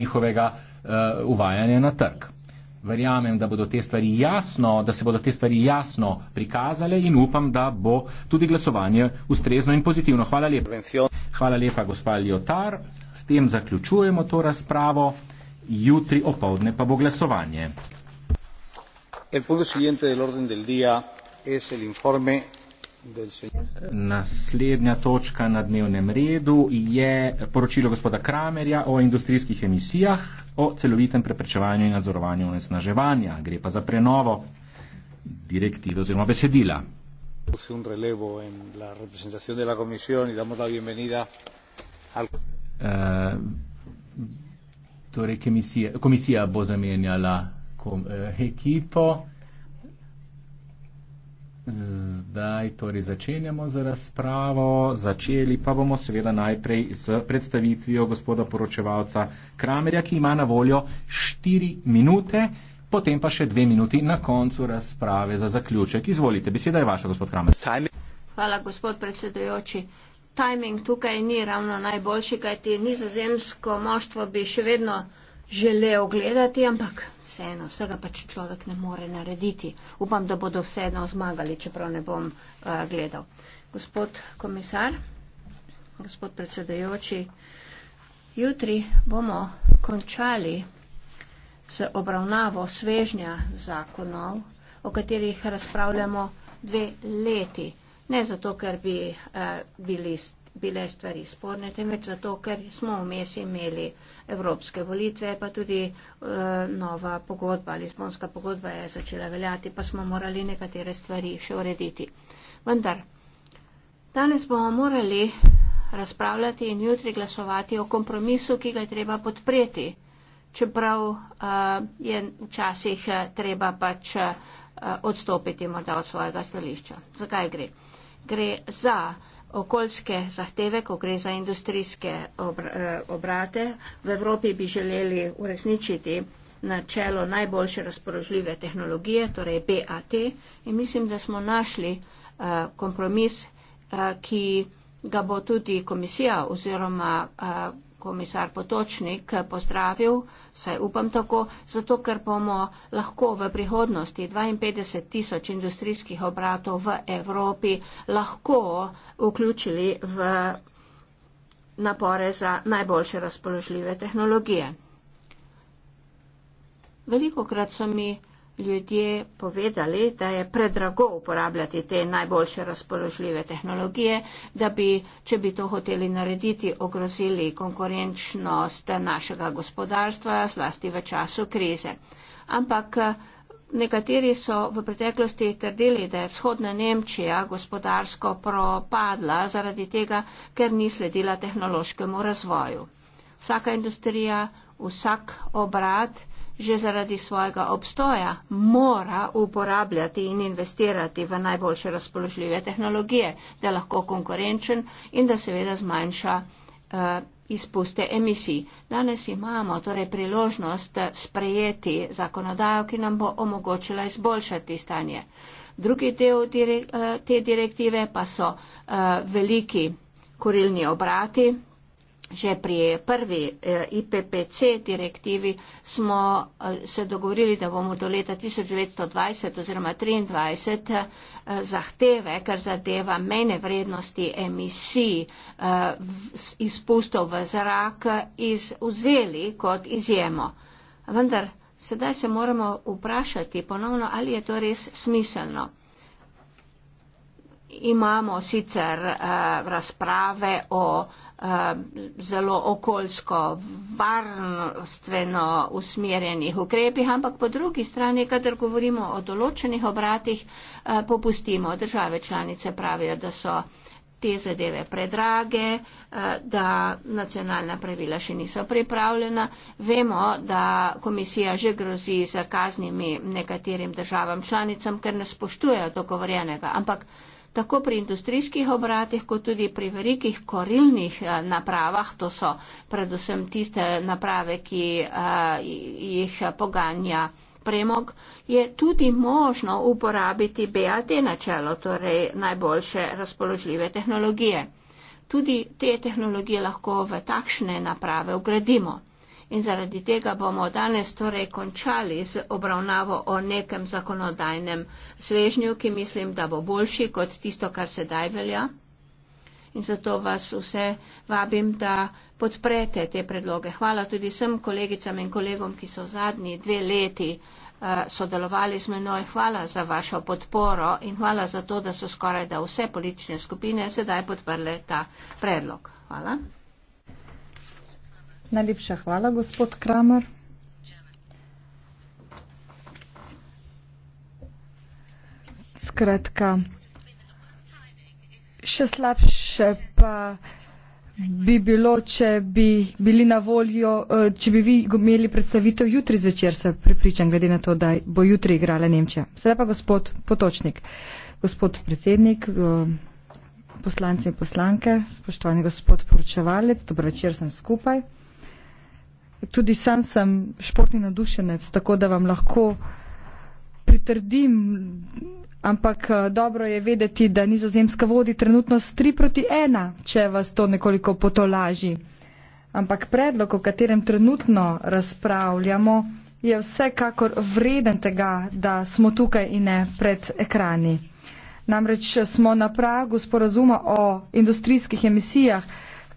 njihovega uh, uvajanja na trg. Verjamem, da, bodo te jasno, da se bodo te stvari jasno prikazale in upam, da bo tudi glasovanje ustrezno in pozitivno. Hvala lepa. Hvala lepa, gospa Ljotar. S tem zaključujemo to razpravo. Jutri opovdne pa bo glasovanje. El punto siguiente del orden del día es el informe Naslednja točka na dnevnem redu je poročilo gospoda Kramerja o industrijskih emisijah, o celovitem preprečevanju in nadzorovanju onesnaževanja. Gre pa za prenovo direktive oziroma besedila. Eh, torej, komisija bo zamenjala eh, ekipo. Zdaj torej začenjamo z razpravo. Začeli pa bomo seveda najprej z predstavitvijo gospoda poročevalca Kramerja, ki ima na voljo 4 minute, potem pa še 2 minuti na koncu razprave za zaključek. Izvolite, beseda je vaša, gospod Kramer. Hvala, gospod predsedujoči. Timing tukaj ni ravno najboljši, kajti nizozemsko moštvo bi še vedno želel gledati, ampak vseeno, vsega pač človek ne more narediti. Upam, da bodo vseeno zmagali, čeprav ne bom uh, gledal. Gospod komisar, gospod predsedajoči, jutri bomo končali z obravnavo svežnja zakonov, o katerih razpravljamo dve leti. Ne zato, ker bi uh, bili bile stvari sporne, temveč zato, ker smo vmes imeli evropske volitve, pa tudi e, nova pogodba, Lizbonska pogodba je začela veljati, pa smo morali nekatere stvari še urediti. Vendar, danes bomo morali razpravljati in jutri glasovati o kompromisu, ki ga je treba podpreti, čeprav e, je včasih eh, treba pač e, odstopiti morda od svojega stališča. Zakaj gre? Gre za okoljske zahteve, ko gre za industrijske eh, obrate. V Evropi bi želeli uresničiti načelo najboljše razpoložljive tehnologije, torej BAT. In mislim, da smo našli eh, kompromis, eh, ki ga bo tudi komisija oziroma komisar Potočnik pozdravil, Saj upam tako, zato ker bomo lahko v prihodnosti 52 tisoč industrijskih obratov v Evropi lahko vključili v napore za najboljše razpoložljive tehnologije. Veliko krat so mi ljudje povedali, da je predrago uporabljati te najboljše razpoložljive tehnologije, da bi, če bi to hoteli narediti, ogrozili konkurenčnost našega gospodarstva, zlasti v času krize. Ampak eh, nekateri so v preteklosti trdili, da je vzhodna Nemčija gospodarsko propadla zaradi tega, ker ni sledila tehnološkemu razvoju. Vsaka industrija, vsak obrat, že zaradi svojega obstoja mora uporabljati in investirati v najboljše razpoložljive tehnologije, da je lahko konkurenčen in da seveda zmanjša eh, izpuste emisij. Danes imamo torej priložnost eh, sprejeti zakonodajo, ki nam bo omogočila izboljšati stanje. Drugi del eh, te direktive pa so veliki korilni obrati, Že pri prvi eh, IPPC direktivi smo eh, se dogovorili, da bomo do leta 1920 oziroma 1923 eh, zahteve, kar zadeva mene vrednosti emisij izpustov v zrak, izuzeli kot izjemo. Vendar sedaj se moramo vprašati ponovno, ali je to res smiselno. Imamo sicer razprave o Eh, zelo okoljsko, varnostveno usmerjenih ukrepih, ampak po drugi strani, kadar govorimo o določenih obratih, eh, popustimo. Države članice pravijo, da so te zadeve predrage, eh, da nacionalna pravila še niso pripravljena. Vemo, da komisija že grozi za kaznimi nekaterim državam članicam, ker ne spoštujejo dogovorjenega, ampak tako pri industrijskih obratih, kot tudi pri velikih korilnih eh, napravah, to so predvsem tiste naprave, ki eh, jih poganja premog, je tudi možno uporabiti BAT načelo, torej najboljše razpoložljive tehnologije. Tudi te tehnologije lahko v takšne naprave ugradimo. In zaradi tega bomo danes torej končali z obravnavo o nekem zakonodajnem svežnju, ki mislim, da bo boljši kot tisto, kar sedaj velja. In zato vas vse vabim, da podprete te predloge. Hvala tudi vsem kolegicam in kolegom, ki so zadnji dve leti eh, sodelovali z menoj. Hvala za vašo podporo in hvala za to, da so skoraj da vse politične skupine sedaj podprle ta predlog. Hvala. Najlepša hvala, gospod Kramer. Skratka, še slabše pa bi bilo, če bi bili na voljo, eh, če bi vi imeli predstavitev jutri zvečer, se pripričam, glede na to, da bo jutri igrala Nemčija. Sedaj pa gospod Potočnik, gospod predsednik, eh, poslanci in poslanke, spoštovani gospod poročevalec, dobro večer sem skupaj tudi sam sem športni nadušenec, tako da vam lahko pritrdim, ampak eh, dobro je vedeti, da nizozemska vodi trenutno s 3 proti 1, če vas to nekoliko potolaži. Ampak predlog, o katerem trenutno razpravljamo, je vsekakor vreden tega, da smo tukaj in ne pred ekrani. Namreč eh, smo na pragu sporazuma o industrijskih emisijah,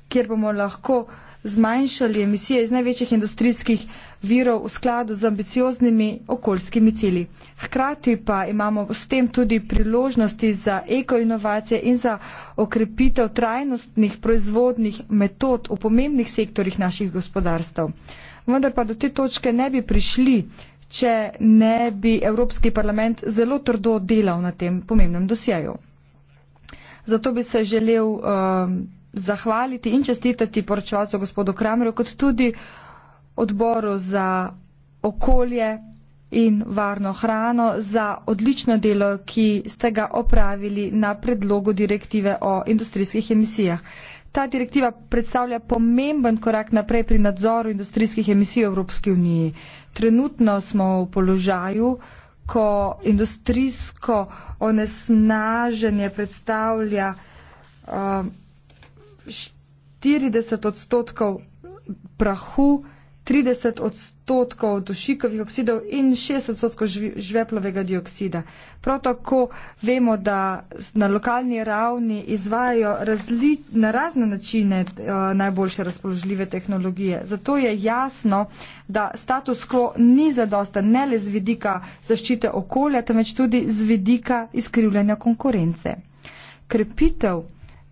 kjer bomo lahko zmanjšali emisije iz največjih industrijskih virov v skladu z ambicioznimi okoljskimi cilji. Hkrati pa imamo s tem tudi priložnosti za ekoinovacije in za okrepitev trajnostnih proizvodnih metod v pomembnih sektorjih naših gospodarstv. Vendar pa do te točke ne bi prišli, če ne bi Evropski parlament zelo trdo delal na tem pomembnem dosjeju. Zato bi se želel um, zahvaliti in čestitati poročevalcu gospodu Kramerju, kot tudi odboru za okolje in varno hrano za odlično delo, ki ste ga opravili na predlogu direktive o industrijskih emisijah. Ta direktiva predstavlja pomemben korak naprej pri nadzoru industrijskih emisij v Evropski uniji. Trenutno smo v položaju, ko industrijsko onesnaženje predstavlja uh, 40 odstotkov prahu, 30 odstotkov dušikovih oksidov in 60 odstotkov žveplovega dioksida. Prav tako vemo, da na lokalni ravni izvajajo razli, na razne načine eh, najboljše razpoložljive tehnologije. Zato je jasno, da status quo ni zadosta ne le z vidika zaščite okolja, temveč tudi z vidika izkrivljanja konkurence. Krepitev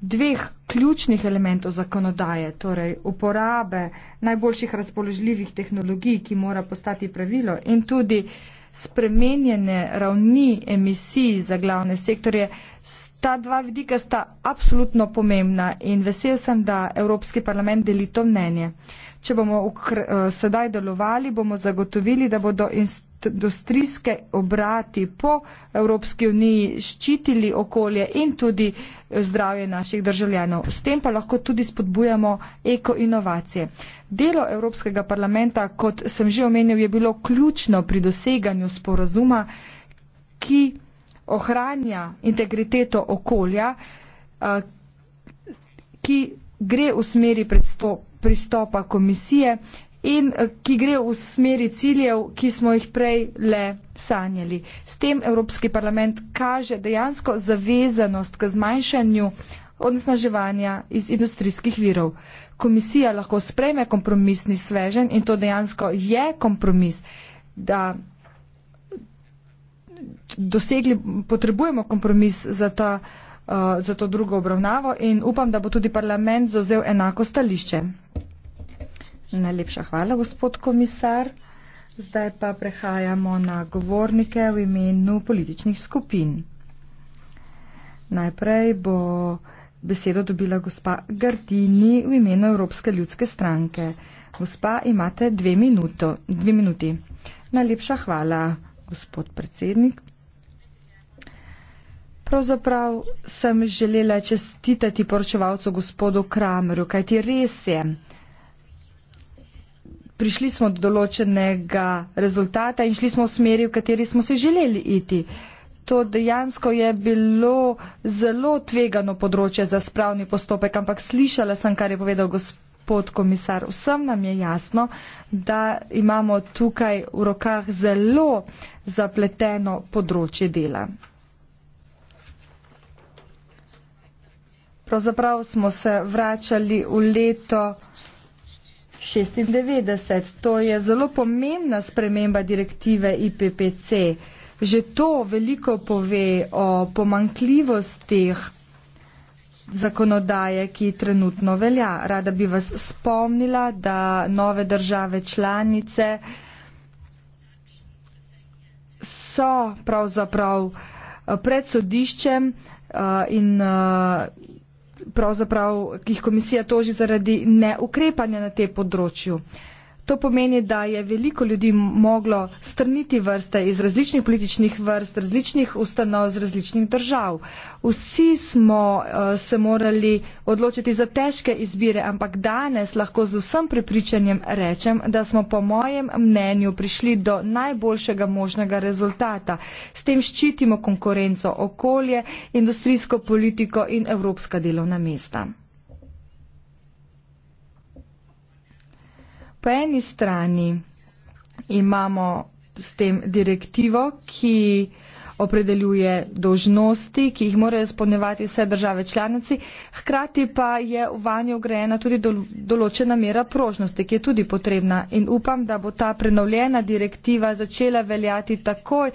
dveh ključnih elementov zakonodaje, torej uporabe najboljših razpoložljivih tehnologij, ki mora postati pravilo in tudi spremenjene ravni emisij za glavne sektorje, ta dva vidika sta absolutno pomembna in vesel sem, da Evropski parlament deli to mnenje. Če bomo eh, sedaj delovali, bomo zagotovili, da bodo inst industrijske obrati po Evropski uniji ščitili okolje in tudi eh, zdravje naših državljanov. S tem pa lahko tudi spodbujamo ekoinovacije. Delo Evropskega parlamenta, kot sem že omenil, je bilo ključno pri doseganju sporazuma, ki ohranja integriteto okolja, eh, ki gre v smeri pristopa komisije in eh, ki gre v smeri ciljev, ki smo jih prej le sanjali. S tem Evropski parlament kaže dejansko zavezanost k zmanjšanju odnesnaževanja iz industrijskih virov. Komisija lahko sprejme kompromisni svežen in to dejansko je kompromis, da dosegli, potrebujemo kompromis za, ta, uh, za to drugo obravnavo in upam, da bo tudi parlament zauzel enako stališče. Najlepša hvala, gospod komisar. Zdaj pa prehajamo na govornike v imenu političnih skupin. Najprej bo besedo dobila gospa Gardini v imenu Evropske ljudske stranke. Gospa, imate dve, minuto, dve minuti. Najlepša hvala, gospod predsednik. Pravzaprav sem želela čestitati poročevalcu gospodu Kramerju, kajti res je prišli smo do določenega rezultata in šli smo v smeri, v kateri smo se želeli iti. To dejansko je bilo zelo tvegano področje za spravni postopek, ampak slišala sem, kar je povedal gospod komisar. Vsem nam je jasno, da imamo tukaj v rokah zelo zapleteno področje dela. Pravzaprav smo se vračali v leto 1900. 96. To je zelo pomembna sprememba direktive IPPC. Že to veliko pove o pomankljivostih zakonodaje, ki trenutno velja. Rada bi vas spomnila, da nove države članice so pravzaprav eh, pred sodiščem eh, in eh, pravzaprav, ki jih komisija toži zaradi neukrepanja na tem področju. To pomeni, da je veliko ljudi moglo strniti vrste iz različnih političnih vrst, različnih ustanov, iz različnih držav. Vsi smo uh, se morali odločiti za težke izbire, ampak danes lahko z vsem prepričanjem rečem, da smo po mojem mnenju prišli do najboljšega možnega rezultata. S tem ščitimo konkurenco okolje, industrijsko politiko in evropska delovna mesta. po eni strani imamo s tem direktivo, ki opredeljuje dožnosti, ki jih morajo izpolnjevati vse države članici, hkrati pa je v vanjo ugrajena tudi določena mera prožnosti, ki je tudi potrebna in upam, da bo ta prenovljena direktiva začela veljati takoj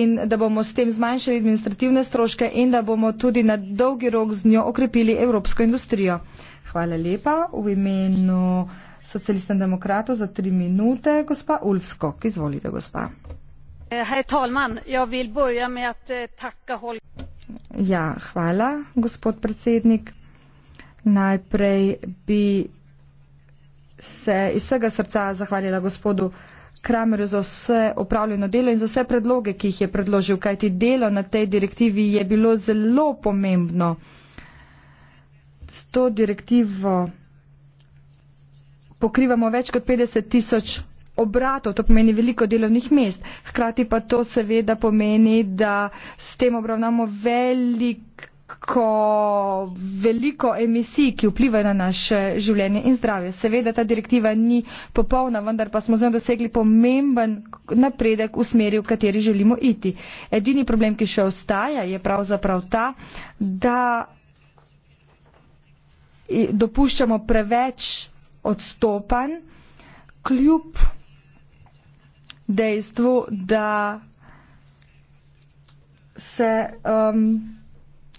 in da bomo s tem zmanjšali administrativne stroške in da bomo tudi na dolgi rok z njo okrepili evropsko industrijo. Hvala lepa v imenu socialisten demokratov za tri minute, gospa Ulfskok, izvolite gospa. Eh, Hej, Talman, jaz vil börja med at eh, takka Holger. Ja, hvala, gospod predsednik. Najprej bi se iz vsega srca zahvalila gospodu Kramerju za vse opravljeno delo in za vse predloge, ki jih je predložil, kajti delo na tej direktivi je bilo zelo pomembno. S to direktivo pokrivamo več kot 50 tisoč obratov, to pomeni veliko delovnih mest. Hkrati pa to seveda pomeni, da s tem obravnamo velik ko veliko emisij, ki vplivajo na naše življenje in zdravje. Seveda ta direktiva ni popolna, vendar pa smo z njo dosegli pomemben napredek v smeri, v kateri želimo iti. Edini problem, ki še ostaja, je pravzaprav ta, da dopuščamo preveč odstopanj, kljub dejstvu, da se um,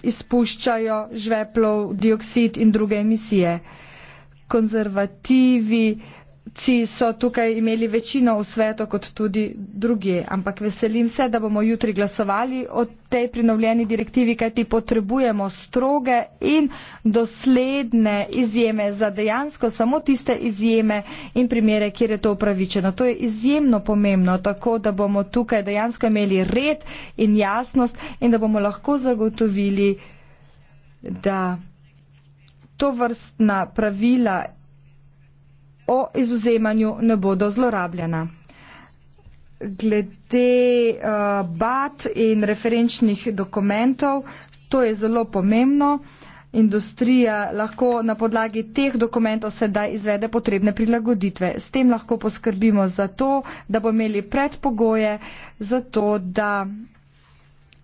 izpuščajo žveplov dioksid in druge emisije. Konzervativi uh, Ci so tukaj imeli večino v svetu kot tudi drugi, ampak veselim se, da bomo jutri glasovali o tej prinovljeni direktivi, kajti potrebujemo stroge in dosledne izjeme za dejansko samo tiste izjeme in primere, kjer je to upravičeno. To je izjemno pomembno, tako da bomo tukaj dejansko imeli red in jasnost in da bomo lahko zagotovili, da to vrstna pravila o izuzemanju ne bodo zlorabljena. Glede uh, bat in referenčnih dokumentov, to je zelo pomembno. Industrija lahko na podlagi teh dokumentov sedaj izvede potrebne prilagoditve. S tem lahko poskrbimo za to, da bo imeli predpogoje za to, da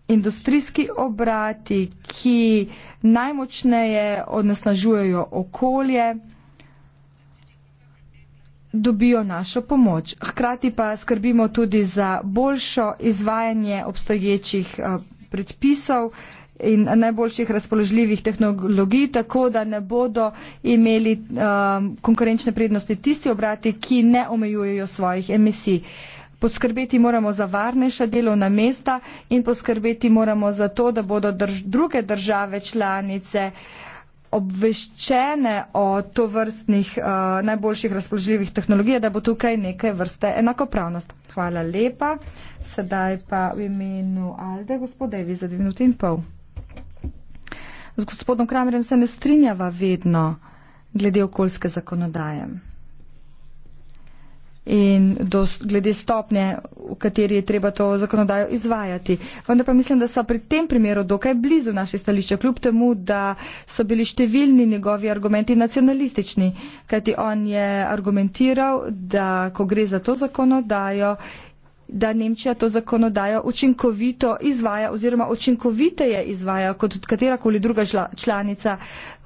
industrijski obrati, ki najmočneje odnesnažujejo okolje, dobijo našo pomoč. Hkrati pa skrbimo tudi za boljšo izvajanje obstoječih eh, predpisov in najboljših razpoložljivih tehnologij, tako da ne bodo imeli um, konkurenčne prednosti tisti obrati, ki ne omejujejo svojih emisij. Poskrbeti moramo za varnejša delovna mesta in poskrbeti moramo za to, da bodo drž druge države članice uh, obveščene o to vrstnih uh, eh, najboljših razpoložljivih tehnologij, da bo tukaj nekaj vrste enakopravnost. Hvala lepa. Sedaj pa v imenu Alde, gospod Devi, za dve minuti in pol. Z gospodom Kramerjem se ne strinjava vedno glede okoljske zakonodaje in do, glede stopnje, v kateri je treba to zakonodajo izvajati. Vendar pa mislim, da so pri tem primeru dokaj blizu naše stališče, kljub temu, da so bili številni njegovi argumenti nacionalistični, kajti on je argumentiral, da ko gre za to zakonodajo, da Nemčija to zakonodajo učinkovito izvaja oziroma učinkoviteje izvaja kot katerakoli druga žla, članica,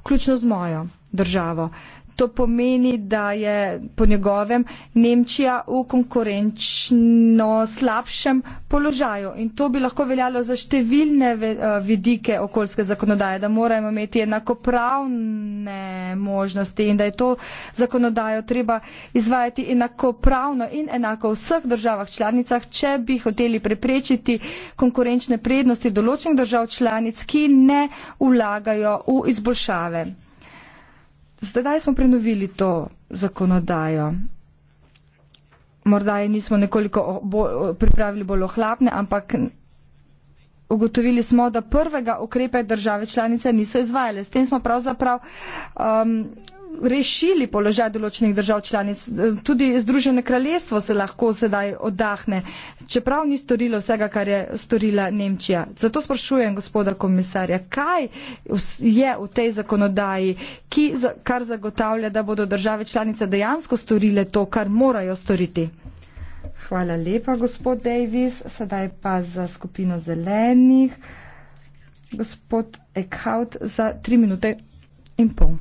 ključno z mojo državo. To pomeni, da je po njegovem Nemčija v konkurenčno slabšem položaju. In to bi lahko veljalo za številne eh, vidike okoljske zakonodaje, da moramo imeti enakopravne možnosti in da je to zakonodajo treba izvajati enakopravno in enako v vseh državah članicah, če bi hoteli preprečiti konkurenčne prednosti določenih držav članic, ki ne vlagajo v izboljšave. Zdaj smo prenovili to zakonodajo. Morda je nismo nekoliko bolj, pripravili bolj ohlapne, ampak ugotovili smo, da prvega ukrepa države članice niso izvajale. S tem smo pravzaprav um, rešili položaj določenih držav članic. Tudi Združene kraljestvo se lahko sedaj oddahne, čeprav ni storilo vsega, kar je storila Nemčija. Zato sprašujem gospoda komisarja, kaj je v tej zakonodaji, ki, kar zagotavlja, da bodo države članice dejansko storile to, kar morajo storiti. Hvala lepa, gospod Davis. Sedaj pa za skupino zelenih. Gospod Eckhout za tri minute in pol.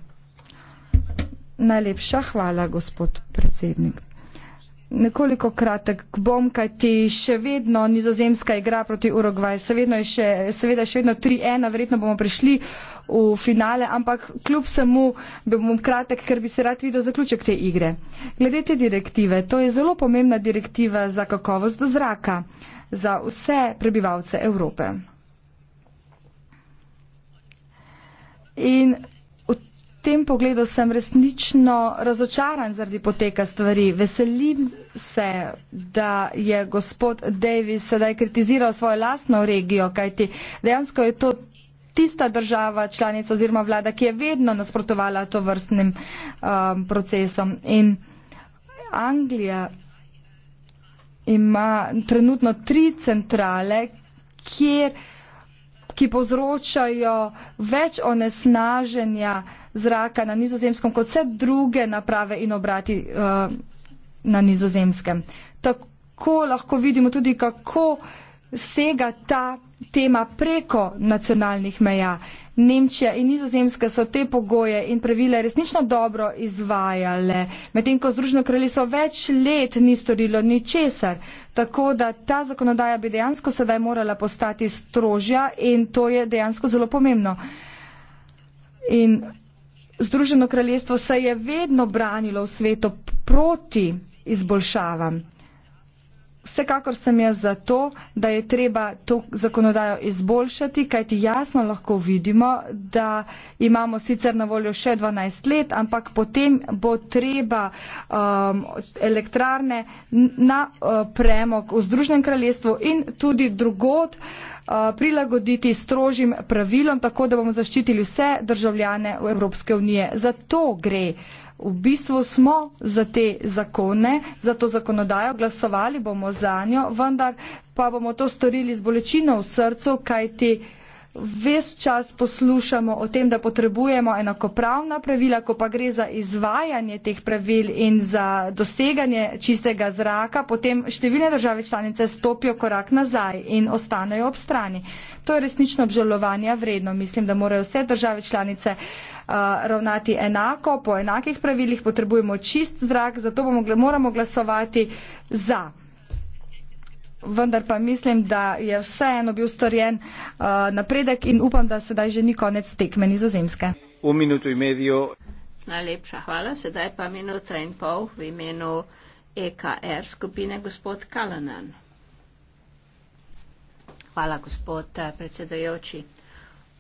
Najlepša hvala, gospod predsednik. Nekoliko kratek bom, kaj ti še vedno nizozemska igra proti Urugvaj, seveda je še, še vedno 3-1, verjetno bomo prišli v finale, ampak kljub samo bom kratek, ker bi se rad videl zaključek te igre. Glede te direktive, to je zelo pomembna direktiva za kakovost do zraka, za vse prebivalce Evrope. In tem pogledu sem resnično razočaran zaradi poteka stvari. Veselim se, da je gospod Davis sedaj kritiziral svojo lastno regijo, kajti dejansko je to tista država, članica oziroma vlada, ki je vedno nasprotovala to vrstnim um, procesom. In Anglija ima trenutno tri centrale, kjer ki povzročajo več onesnaženja zraka na nizozemskem kot vse druge naprave in obrati uh, na nizozemskem. Tako lahko vidimo tudi, kako sega ta tema preko nacionalnih meja. Nemčija in nizozemska so te pogoje in pravile resnično dobro izvajale, medtem ko Združeno kraljestvo več let ni storilo ničesar. Tako da ta zakonodaja bi dejansko sedaj morala postati strožja in to je dejansko zelo pomembno. In Združeno kraljestvo se je vedno branilo v svetu proti izboljšavam. Vsekakor sem jaz za to, da je treba to zakonodajo izboljšati, kajti jasno lahko vidimo, da imamo sicer na voljo še 12 let, ampak potem bo treba um, elektrarne na uh, premog v Združenem kraljestvu in tudi drugod. Uh, Eh, prilagoditi strožjim pravilom, tako da bomo zaščitili vse državljane Evropske unije. Za to gre. V bistvu smo za te zakone, za to zakonodajo, glasovali bomo za njo, vendar pa bomo to storili z bolečino v srcu, kajti. Ves čas poslušamo o tem, da potrebujemo enakopravna pravila, ko pa gre za izvajanje teh pravil in za doseganje čistega zraka, potem številne države članice stopijo korak nazaj in ostanejo ob strani. To je resnično obžalovanja vredno. Mislim, da morajo vse države članice uh, ravnati enako, po enakih pravilih potrebujemo čist zrak, zato bomo, moramo glasovati za vendar pa mislim, da je vseeno bil storjen uh, napredek in upam, da sedaj že ni konec tekme nizozemske. V minuto in medijo. Najlepša hvala, sedaj pa minuta in pol v imenu EKR skupine gospod Kalanan. Hvala, gospod eh, predsedajoči.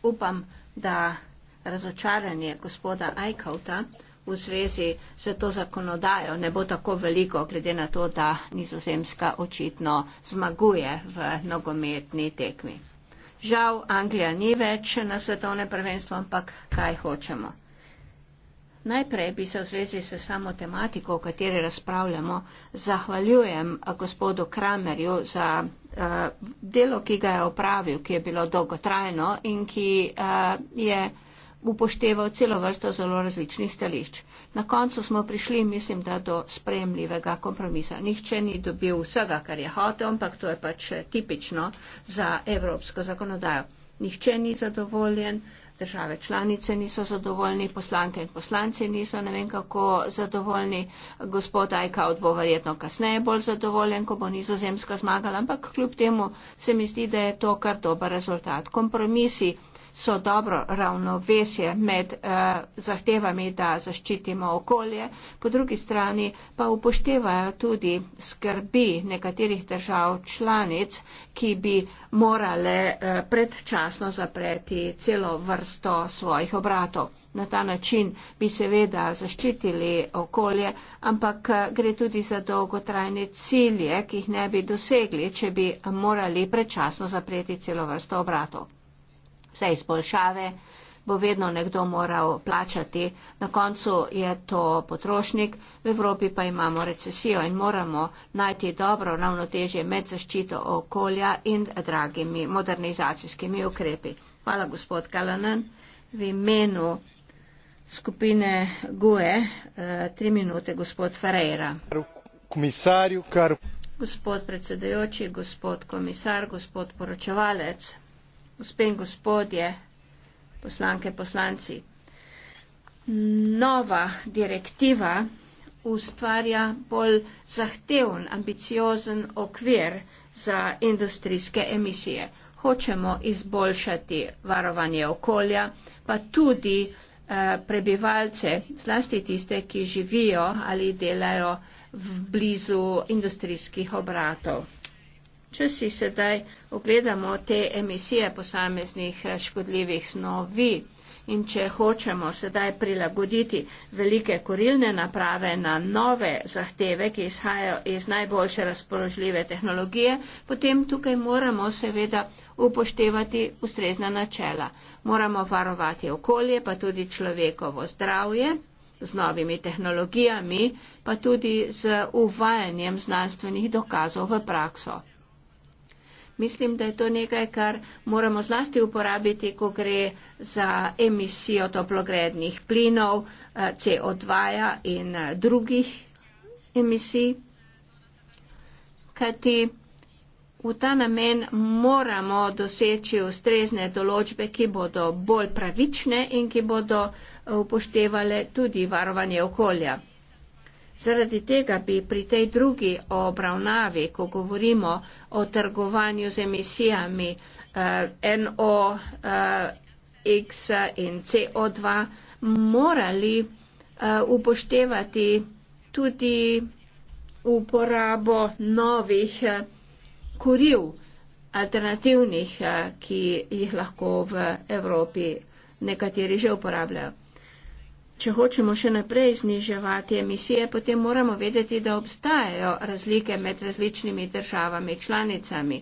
Upam, da razočaranje gospoda Ajkauta v zvezi s to zakonodajo ne bo tako veliko, glede na to, da nizozemska očitno zmaguje v nogometni tekmi. Žal Anglija ni več na svetovnem prvenstvu, ampak kaj hočemo. Najprej bi se v zvezi s samo tematiko, o kateri razpravljamo, zahvaljujem eh, gospodu Kramerju za uh, delo, ki ga je opravil, ki je bilo dolgotrajno in ki uh, je upošteval celo vrsto zelo različnih stališč. Na koncu smo prišli, mislim, da do spremljivega kompromisa. Nihče ni dobil vsega, kar je hotel, ampak to je pač eh, tipično za evropsko zakonodajo. Nihče ni zadovoljen, države članice niso zadovoljni, poslanke in poslanci niso ne vem kako zadovoljni. Gospod Ajkaut bo verjetno kasneje bolj zadovoljen, ko bo nizozemska zmagala, ampak kljub temu se mi zdi, da je to kar dober rezultat. Kompromisi so dobro ravnovesje med eh, zahtevami, da zaščitimo okolje, po drugi strani pa upoštevajo tudi skrbi nekaterih držav članic, ki bi morale eh, predčasno zapreti celo vrsto svojih obratov. Na ta način bi seveda zaščitili okolje, ampak eh, gre tudi za dolgotrajne cilje, ki jih ne bi dosegli, če bi morali predčasno zapreti celo vrsto obratov vse izboljšave, bo vedno nekdo moral plačati. Na koncu je to potrošnik, v Evropi pa imamo recesijo in moramo najti dobro ravnotežje med zaščito okolja in dragimi modernizacijskimi ukrepi. Hvala, gospod Kalanen. V imenu skupine GUE, eh, tri minute, gospod Ferreira. Gospod predsedajoči, gospod komisar, gospod poročevalec, gospe in gospodje, poslanke, poslanci. Nova direktiva ustvarja bolj zahteven, ambiciozen okvir za industrijske emisije. Hočemo izboljšati varovanje okolja, pa tudi eh, prebivalce, zlasti tiste, ki živijo ali delajo v blizu industrijskih obratov. Če si sedaj ogledamo te emisije posameznih eh, škodljivih snovi in če hočemo sedaj prilagoditi velike korilne naprave na nove zahteve, ki izhajajo iz najboljše razpoložljive tehnologije, potem tukaj moramo seveda upoštevati ustrezna načela. Moramo varovati okolje, pa tudi človekovo zdravje z novimi tehnologijami, pa tudi z uvajanjem znanstvenih dokazov v prakso. Mislim, da je to nekaj, kar moramo zlasti uporabiti, ko gre za emisijo toplogrednih plinov, eh, CO2-ja in eh, drugih emisij. Kajti v ta namen moramo doseči ustrezne določbe, ki bodo bolj pravične in ki bodo eh, upoštevale tudi varovanje okolja. Zaradi tega bi pri tej drugi obravnavi, ko govorimo o trgovanju z emisijami eh, NOx eh, in CO2, morali eh, upoštevati tudi uporabo novih eh, kuriv, alternativnih, eh, ki jih lahko v Evropi nekateri že uporabljajo če hočemo še naprej zniževati emisije, potem moramo vedeti, da obstajajo razlike med različnimi državami članicami.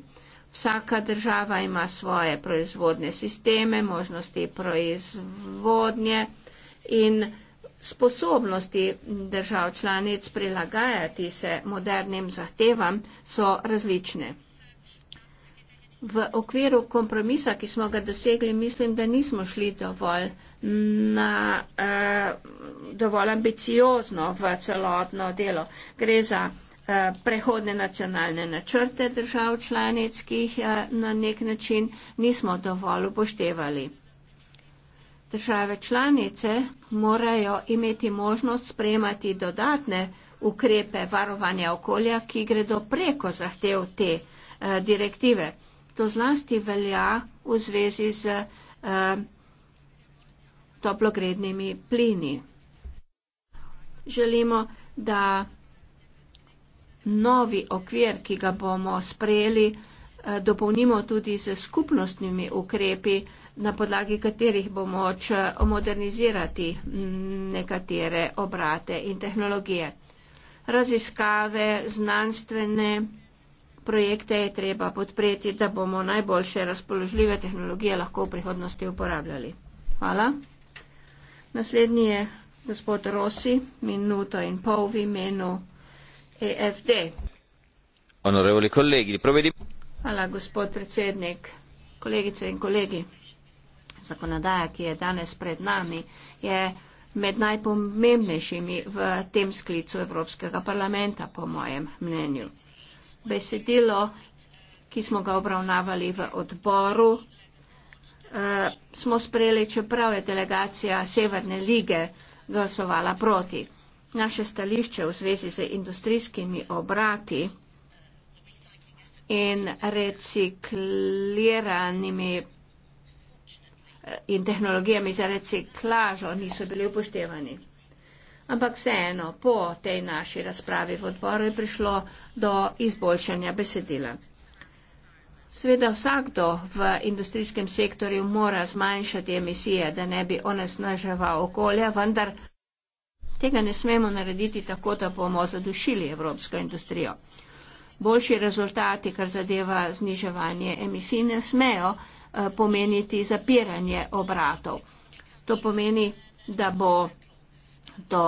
Vsaka država ima svoje proizvodne sisteme, možnosti proizvodnje in sposobnosti držav članic prilagajati se modernim zahtevam so različne. V okviru kompromisa, ki smo ga dosegli, mislim, da nismo šli dovolj na eh, dovolj ambiciozno v celotno delo. Gre za eh, prehodne nacionalne načrte držav članic, ki jih eh, na nek način nismo dovolj upoštevali. Države članice morajo imeti možnost sprejemati dodatne ukrepe varovanja okolja, ki gredo preko zahtev te eh, direktive. To zlasti velja v zvezi z eh, toplogrednimi plini. Želimo, da novi okvir, ki ga bomo sprejeli, eh, dopolnimo tudi z skupnostnimi ukrepi, na podlagi katerih bomo moč eh, modernizirati nekatere obrate in tehnologije. Raziskave, znanstvene projekte je treba podpreti, da bomo najboljše razpoložljive tehnologije lahko v prihodnosti uporabljali. Hvala. Naslednji je gospod Rosi, minuto in pol v imenu AFD. E Onorevoli kolegi, provedi. Hvala, gospod predsednik. Kolegice in kolegi, zakonodaja, ki je danes pred nami, je med najpomembnejšimi v tem sklicu Evropskega parlamenta, po mojem mnenju. Besedilo, ki smo ga obravnavali v odboru, Eh, smo sprejeli, čeprav je delegacija Severne lige glasovala proti. Naše stališče v zvezi z industrijskimi obrati in recikliranimi eh, in tehnologijami za reciklažo niso bili upoštevani. Ampak vseeno, po tej naši razpravi v odboru je prišlo do izboljšanja besedila. Sveda vsakdo v industrijskem sektorju mora zmanjšati emisije, da ne bi onesnaževal okolja, vendar tega ne smemo narediti tako, da bomo zadušili evropsko industrijo. Boljši rezultati, kar zadeva zniževanje emisij, ne smejo eh, pomeniti zapiranje obratov. To pomeni, da bo do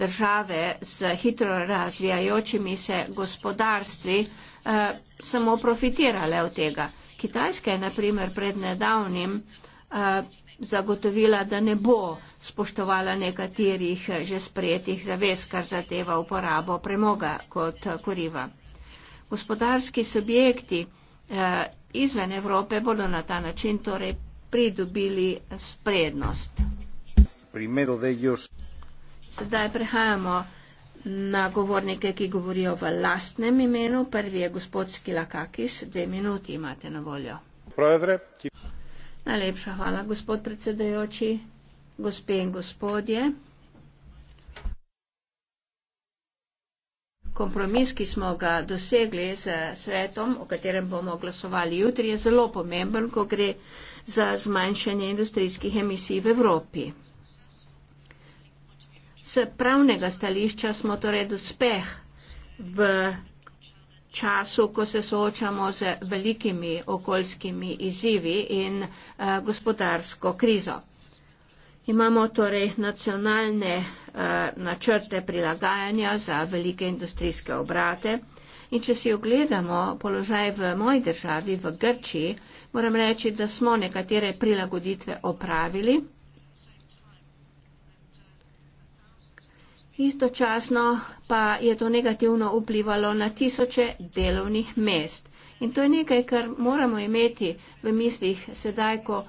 države z hitro razvijajočimi se gospodarstvi eh, samo profitirale od tega. Kitajska je naprimer pred nedavnim eh, zagotovila, da ne bo spoštovala nekaterih eh, že sprejetih zavez, kar zadeva uporabo premoga kot eh, koriva. Gospodarski subjekti eh, izven Evrope bodo na ta način torej pridobili eh, sprednost. Sedaj prehajamo na govornike, ki govorijo v lastnem imenu. Prvi je gospod Skila Kakis, dve minuti imate na voljo. Najlepša hvala, gospod predsedajoči, gospe in gospodje. Kompromis, ki smo ga dosegli z svetom, o katerem bomo glasovali jutri, je zelo pomemben, ko gre za zmanjšanje industrijskih emisij v Evropi s pravnega stališča smo torej dospeh v času, ko se soočamo z velikimi okoljskimi izzivi in uh, gospodarsko krizo. Imamo torej nacionalne uh, načrte prilagajanja za velike industrijske obrate in če si ogledamo položaj v moji državi, v Grčiji, moram reči, da smo nekatere prilagoditve opravili. istočasno pa je to negativno vplivalo na tisoče delovnih mest. In to je nekaj, kar moramo imeti v mislih sedaj, ko uh,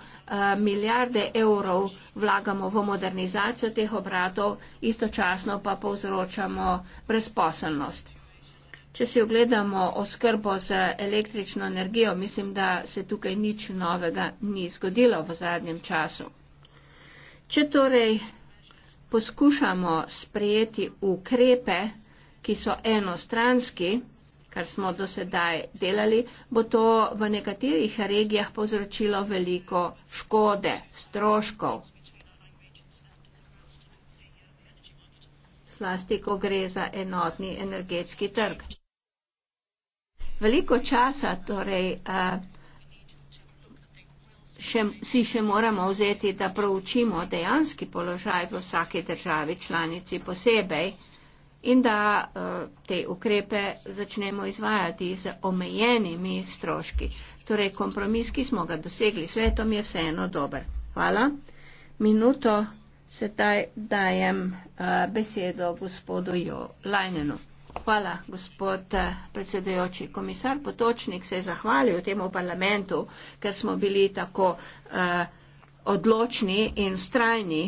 milijarde evrov vlagamo v modernizacijo teh obratov, istočasno pa povzročamo brezposelnost. Če si ogledamo oskrbo z električno energijo, mislim, da se tukaj nič novega ni zgodilo v zadnjem času. Če torej poskušamo sprejeti ukrepe, ki so enostranski, kar smo do sedaj delali, bo to v nekaterih regijah povzročilo veliko škode, stroškov. Slasti, ko gre za enotni energetski trg. Veliko časa torej uh, še, si še moramo vzeti, da proučimo dejanski položaj v vsaki državi članici posebej in da eh, te ukrepe začnemo izvajati z omejenimi stroški. Torej, kompromis, ki smo ga dosegli s svetom, je vseeno dober. Hvala. Minuto sedaj dajem eh, besedo gospodu Jo Lajnenu. Hvala, gospod eh, predsedujoči. Komisar Potočnik se je zahvalil temu parlamentu, ker smo bili tako uh, odločni in strajni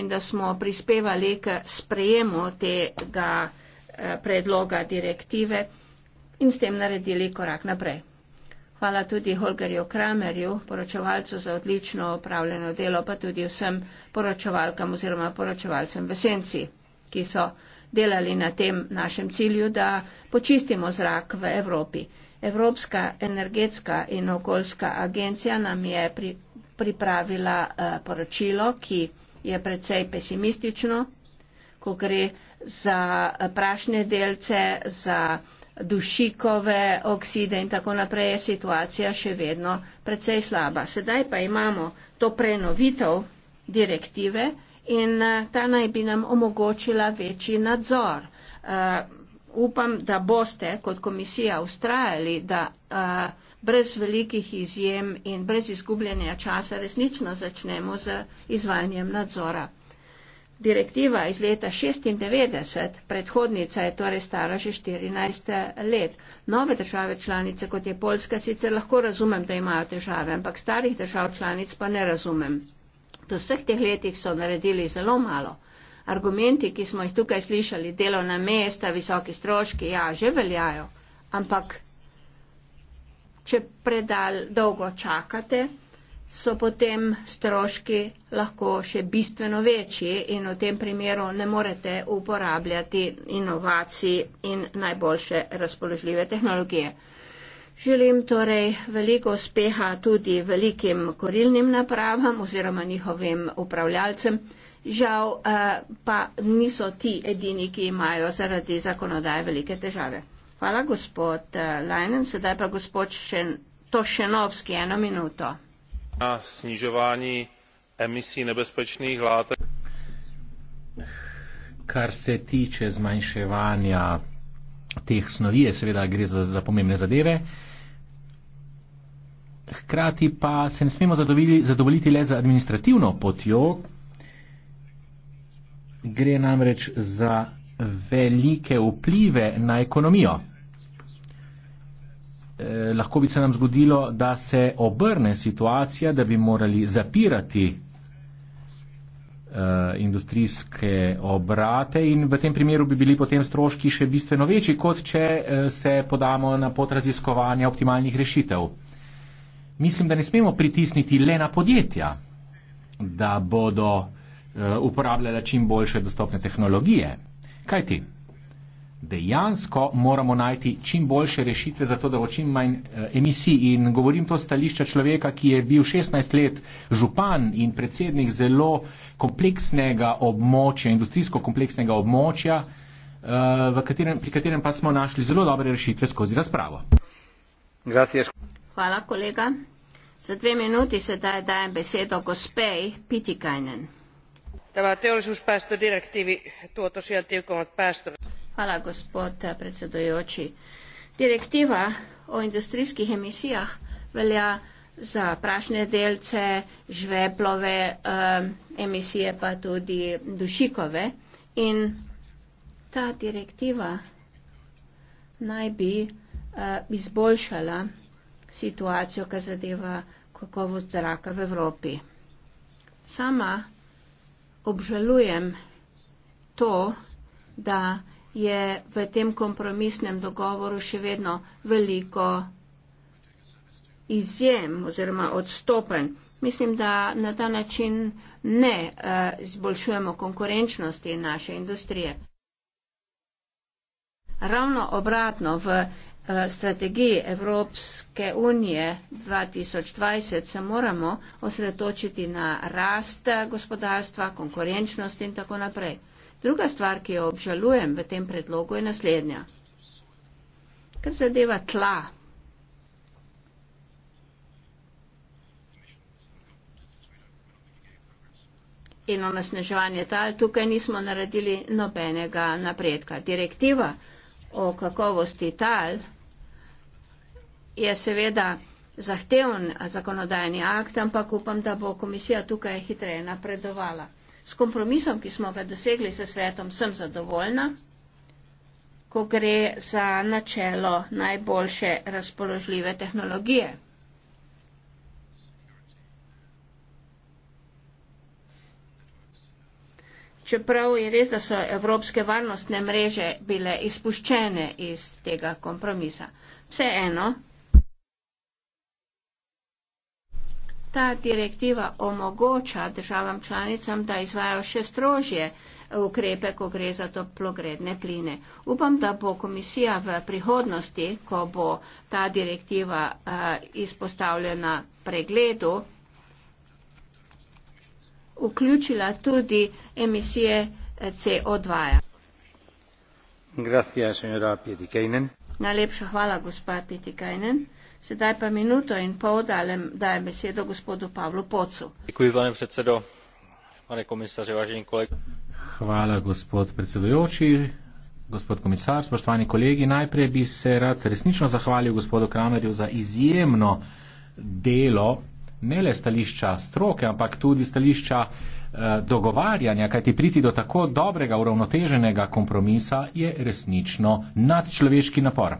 in da smo prispevali k sprejemu tega uh, predloga direktive in s tem naredili korak naprej. Hvala tudi Holgerju Kramerju, poročevalcu za odlično opravljeno delo, pa tudi vsem poročevalkam oziroma poročevalcem v Senci, ki so delali na tem našem cilju, da počistimo zrak v Evropi. Evropska energetska in okoljska agencija nam je pri, pripravila uh, poročilo, ki je precej pesimistično, ko gre za eh, prašne delce, za dušikove okside in tako naprej je situacija še vedno precej slaba. Sedaj pa imamo to prenovitev direktive, in eh, ta naj bi nam omogočila večji nadzor. Eh, upam, da boste kot komisija ustrajali, da eh, brez velikih izjem in brez izgubljanja časa resnično začnemo z izvajanjem nadzora. Direktiva iz leta 96, predhodnica je torej stara že 14 let. Nove države članice, kot je Poljska, sicer lahko razumem, da imajo težave, ampak starih držav članic pa ne razumem v vseh teh letih so naredili zelo malo. Argumenti, ki smo jih tukaj slišali, delovna mesta, visoki stroški, ja, že veljajo, ampak če predal dolgo čakate, so potem stroški lahko še bistveno večji in v tem primeru ne morete uporabljati inovacij in najboljše razpoložljive tehnologije. Želim torej veliko uspeha tudi velikim korilnim napravam oziroma njihovim upravljalcem. Žal eh, pa niso ti edini, ki imajo zaradi zakonodaje velike težave. Hvala, gospod eh, Lajnen. Sedaj pa gospod Šen, Tošenovski, eno minuto. Na sniževanji emisij nebezpečnih látek. Kar se tiče zmanjševanja teh snovi, je seveda gre za, za pomembne zadeve hkrati pa se ne smemo zadovoljiti le za administrativno potjo. Gre namreč za velike vplive na ekonomijo. Eh, lahko bi se nam zgodilo, da se obrne situacija, da bi morali zapirati eh, industrijske obrate in v tem primeru bi bili potem stroški še bistveno večji, kot če eh, se podamo na pot raziskovanja optimalnih rešitev mislim, da ne smemo pritisniti le na podjetja, da bodo eh, uporabljala čim boljše dostopne tehnologije. Kaj ti? Dejansko moramo najti čim boljše rešitve za to, da bo čim manj eh, emisij. In govorim to stališča človeka, ki je bil 16 let župan in predsednik zelo kompleksnega območja, industrijsko kompleksnega območja, eh, katerem, pri katerem pa smo našli zelo dobre rešitve skozi razpravo. Gracias. Hvala, kolega. Za dve minuti sedaj dajem besedo gospej Pitikajnen. Tämä teollisuuspäästödirektiivi tuo tosiaan tiukommat päästö. Hvala, gospod predsedujoči. Direktiva o industrijskih emisijah velja za prašne delce, žveplove um, emisije pa tudi dušikove. In ta direktiva naj bi uh, izboljšala situacijo, kar zadeva kakovost zraka v Evropi. Sama obžalujem to, da je v tem kompromisnem dogovoru še vedno veliko izjem oziroma odstopen. Mislim, da na ta način ne eh, izboljšujemo uh, konkurenčnosti naše industrije. Ravno obratno, v Eh, strategiji Evropske unije 2020 se moramo osredotočiti na rast gospodarstva, konkurenčnost in tako naprej. Druga stvar, ki jo obžalujem v tem predlogu, je naslednja. Kar zadeva tla. In onesneževanje tal, tukaj nismo naredili nobenega napredka. Direktiva o kakovosti tal je seveda zahteven zakonodajni akt, ampak upam, da bo komisija tukaj hitreje napredovala. S kompromisom, ki smo ga dosegli s svetom, sem zadovoljna, ko gre za načelo najboljše razpoložljive tehnologije. Čeprav je res, da so evropske varnostne mreže bile izpuščene iz tega kompromisa. Vseeno, ta direktiva omogoča državam članicam, da izvajo še strožje ukrepe, ko gre za toplogredne pline. Upam, da bo komisija v prihodnosti, ko bo ta direktiva eh, izpostavljena pregledu, vključila tudi emisije eh, CO2. Najlepša hvala, gospa Pitikajnen. Sedaj pa minuto in pol dalem, dajem besedo gospodu Pavlu Pocu. Děkuji, pane predsedo, pane komisarze, važeni kolegi. Hvala, gospod predsedujoči. Gospod komisar, spoštovani kolegi, najprej bi se rad resnično zahvalil gospodu Kramerju za izjemno delo, ne le stališča stroke, ampak tudi stališča eh, dogovarjanja, kajti priti do tako dobrega uravnoteženega kompromisa je resnično nadčloveški napor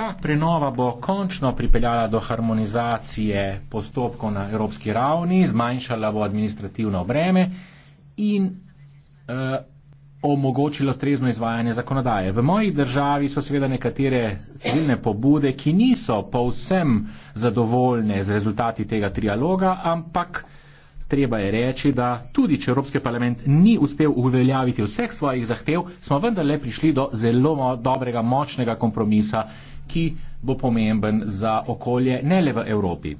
ta prenova bo končno pripeljala do harmonizacije postopkov na evropski ravni, zmanjšala bo administrativno breme in eh, omogočila strezno izvajanje zakonodaje. V moji državi so seveda nekatere civilne pobude, ki niso povsem zadovoljne z rezultati tega trialoga, ampak Treba je reči, da tudi če Evropski parlament ni uspel uveljaviti vseh svojih zahtev, smo vendarle prišli do zelo dobrega, močnega kompromisa, ki bo pomemben za okolje, ne le v Evropi.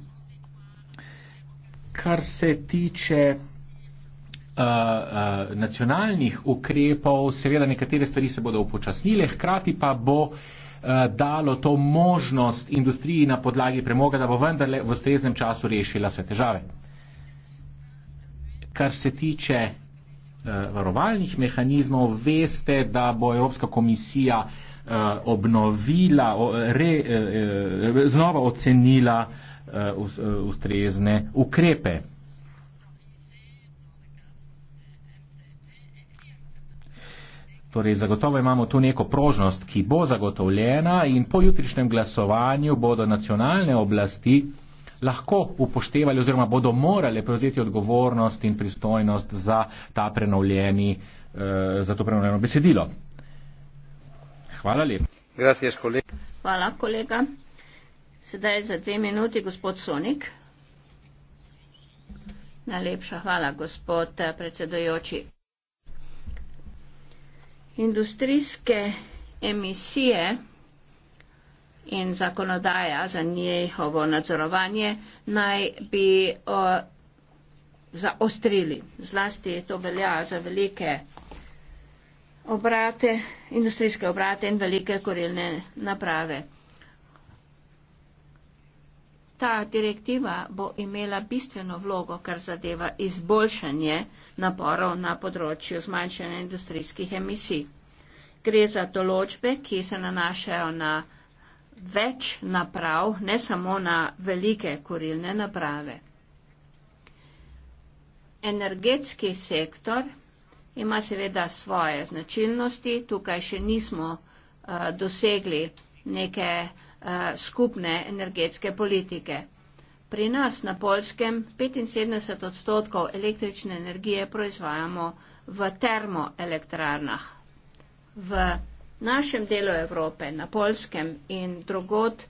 Kar se tiče uh, uh, nacionalnih ukrepov, seveda nekatere stvari se bodo upočasnile, hkrati pa bo eh, dalo to možnost industriji na podlagi premoga, da bo vendarle v steznem času rešila vse težave kar se tiče eh, varovalnih mehanizmov, veste, da bo Evropska komisija eh, obnovila, re, eh, znova ocenila ustrezne ukrepe. Torej, zagotovo imamo tu neko prožnost, ki bo zagotovljena in po jutrišnjem glasovanju bodo nacionalne oblasti lahko upoštevali oziroma bodo morali prevzeti odgovornost in pristojnost za, eh, za to prenovljeno besedilo. Hvala lepa. Hvala, kolega. Sedaj za dve minuti gospod Sonik. Najlepša hvala, gospod eh, predsedojoči. Industrijske emisije in zakonodaja za njihovo nadzorovanje naj bi o, zaostrili. Zlasti to velja za velike obrate, industrijske obrate in velike korilne naprave. Ta direktiva bo imela bistveno vlogo, kar zadeva izboljšanje naporov na področju zmanjšanja industrijskih emisij. Gre za določbe, ki se nanašajo na več naprav, ne samo na velike kurilne naprave. Energetski sektor ima seveda svoje značilnosti, tukaj še nismo uh, dosegli neke uh, skupne energetske politike. Pri nas na Polskem 75 odstotkov električne energije proizvajamo v termoelektrarnah. V našem delu Evrope, na Polskem in drugod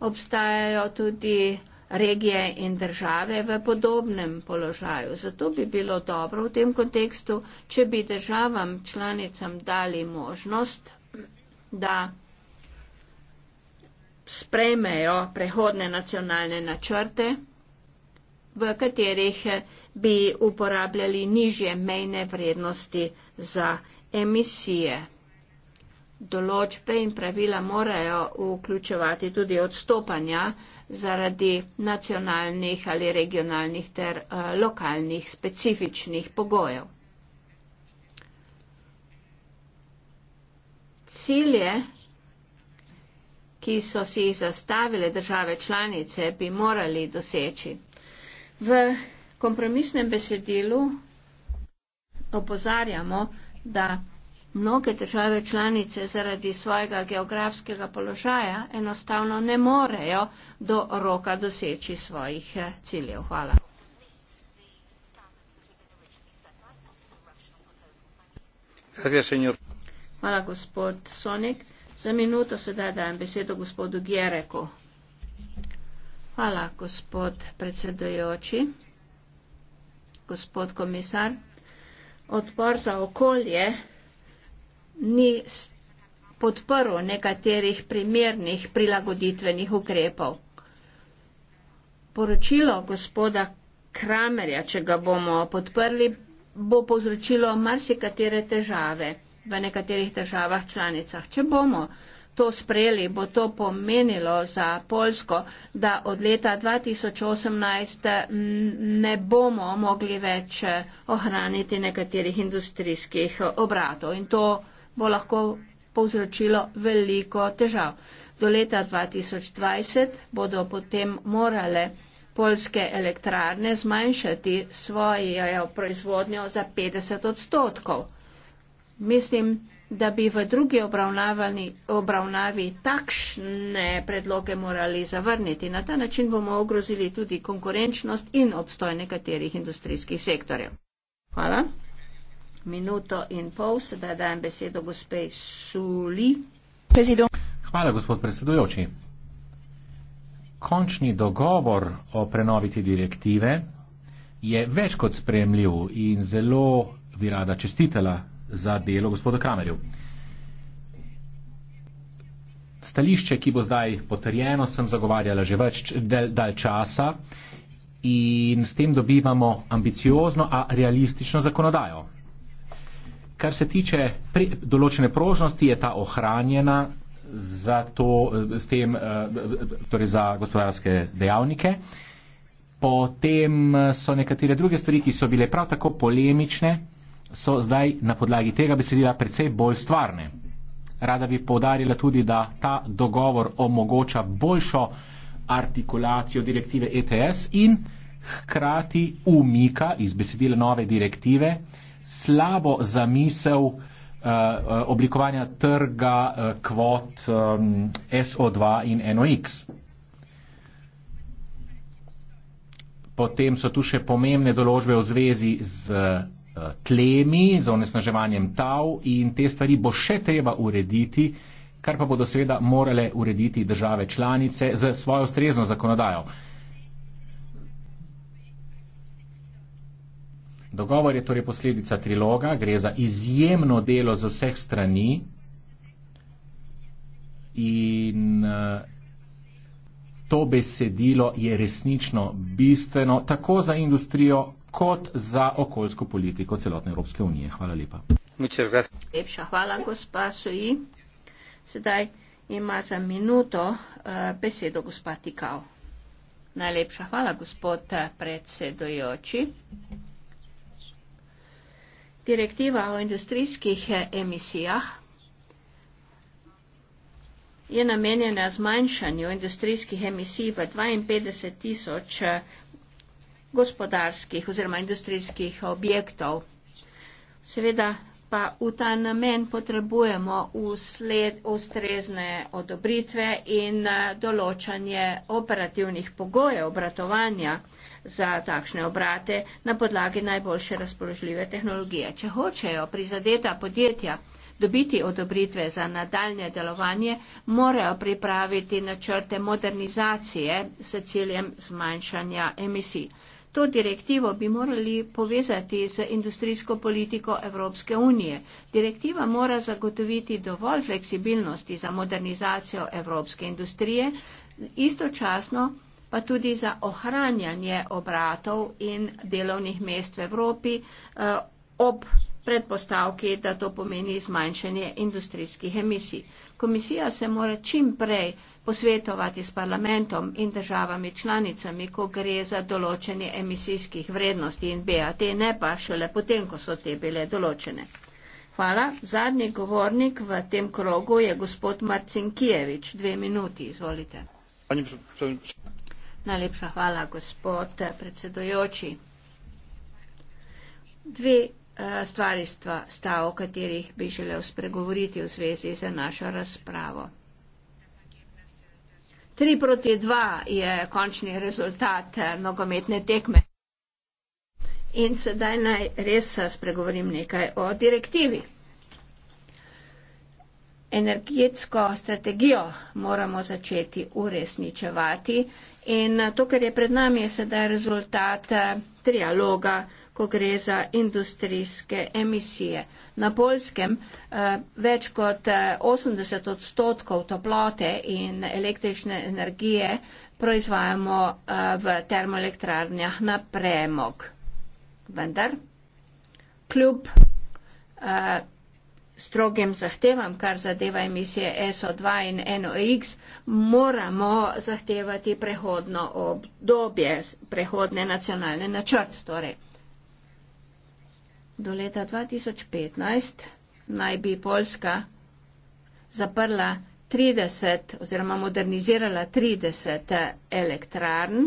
obstajajo tudi regije in države v podobnem položaju. Zato bi bilo dobro v tem kontekstu, če bi državam članicam dali možnost, da sprejmejo prehodne nacionalne načrte, v katerih bi uporabljali nižje mejne vrednosti za emisije določbe in pravila morajo vključevati tudi odstopanja zaradi nacionalnih ali regionalnih ter uh, lokalnih specifičnih pogojev. Cilje, ki so si jih zastavile države članice, bi morali doseči. V kompromisnem besedilu opozarjamo, da Mnoge države članice zaradi svojega geografskega položaja enostavno ne morejo do roka doseči svojih eh, ciljev. Hvala. Hvala, gospod Sonik. Za minuto sedaj dajem besedo gospodu Gjereku. Hvala, gospod predsedujoči, gospod komisar. Odbor za okolje ni podprl nekaterih primernih prilagoditvenih ukrepov. Poročilo gospoda Kramerja, če ga bomo podprli, bo povzročilo marsikatere težave v nekaterih državah članicah. Če bomo to sprejeli, bo to pomenilo za Polsko, da od leta 2018 mm, ne bomo mogli več eh, ohraniti nekaterih industrijskih obratov. In to bo lahko povzročilo veliko težav. Do leta 2020 bodo potem morale polske elektrarne zmanjšati svojo proizvodnjo za 50 odstotkov. Mislim, da bi v drugi obravnavi takšne predloge morali zavrniti. Na ta način bomo ogrozili tudi konkurenčnost in obstoj nekaterih industrijskih sektorjev. Hvala minuto in pol, sedaj dajem besedo gospe Suli. Hvala, gospod predsedujoči. Končni dogovor o prenoviti direktive je več kot spremljiv in zelo bi rada čestitela za delo gospoda Kramerju. Stališče, ki bo zdaj potrjeno, sem zagovarjala že več del, dal časa in s tem dobivamo ambiciozno, a realistično zakonodajo. Kar se tiče pri, določene prožnosti, je ta ohranjena za, to, eh, tem, eh, torej za gospodarske dejavnike. Potem eh, so nekatere druge stvari, ki so bile prav tako polemične, so zdaj na podlagi tega besedila precej bolj stvarne. Rada bi povdarjala tudi, da ta dogovor omogoča boljšo artikulacijo direktive ETS in hkrati umika iz besedila nove direktive eh, slabo zamisel uh, oblikovanja trga uh, kvot um, SO2 in NOx. Potem so tu še pomembne določbe v zvezi z uh, tlemi, z onesnaževanjem tav in te stvari bo še treba urediti, kar pa bodo seveda morale urediti države članice z svojo ustrezno zakonodajo. Uh, Dogovor je torej posledica triloga, gre za izjemno delo z vseh strani in to besedilo je resnično bistveno tako za industrijo kot za okoljsko politiko celotne Evropske unije. Hvala lepa. Lepša hvala, gospa Soji. Sedaj ima za minuto eh, besedo gospa Tikal. Najlepša hvala, gospod eh, predsedojoči. Direktiva o industrijskih eh, emisijah je namenjena zmanjšanju industrijskih emisij v 52 tisoč eh, gospodarskih oziroma industrijskih objektov. Seveda pa v ta namen potrebujemo usled, ustrezne odobritve in eh, določanje operativnih pogojev obratovanja za takšne obrate na podlagi najboljše razpoložljive tehnologije. Če hočejo prizadeta podjetja dobiti odobritve za nadaljne delovanje, morajo pripraviti načrte modernizacije s ciljem zmanjšanja emisij. To direktivo bi morali povezati z industrijsko politiko Evropske unije. Direktiva mora zagotoviti dovolj fleksibilnosti za modernizacijo evropske industrije, istočasno pa tudi za ohranjanje obratov in delovnih mest v Evropi eh, ob predpostavki, da to pomeni zmanjšanje industrijskih emisij. Komisija se mora čim prej posvetovati s parlamentom in državami članicami, ko gre za določenje emisijskih vrednosti in BAT, ne pa šele potem, ko so te bile določene. Hvala. Zadnji govornik v tem krogu je gospod Marcin Kijevič. Dve minuti, izvolite. Najlepša hvala, gospod predsedojoči. Dve eh, stvari sta, o katerih bi želel spregovoriti v zvezi z našo razpravo. 3 proti 2 je končni rezultat eh, nogometne tekme. In sedaj naj res eh, spregovorim nekaj o direktivi. Energetsko strategijo moramo začeti uresničevati in to, kar je pred nami, je sedaj rezultat eh, trialoga ko gre za industrijske emisije. Na Polskem eh, več kot 80 eh, odstotkov toplote in električne energije proizvajamo eh, v termoelektrarnjah na premog. Vendar, kljub eh, strogim zahtevam, kar zadeva emisije SO2 in NOx, moramo zahtevati prehodno obdobje, prehodne nacionalne načrt. Torej do leta 2015 naj bi Poljska zaprla 30 oziroma modernizirala 30 eh, elektrarn.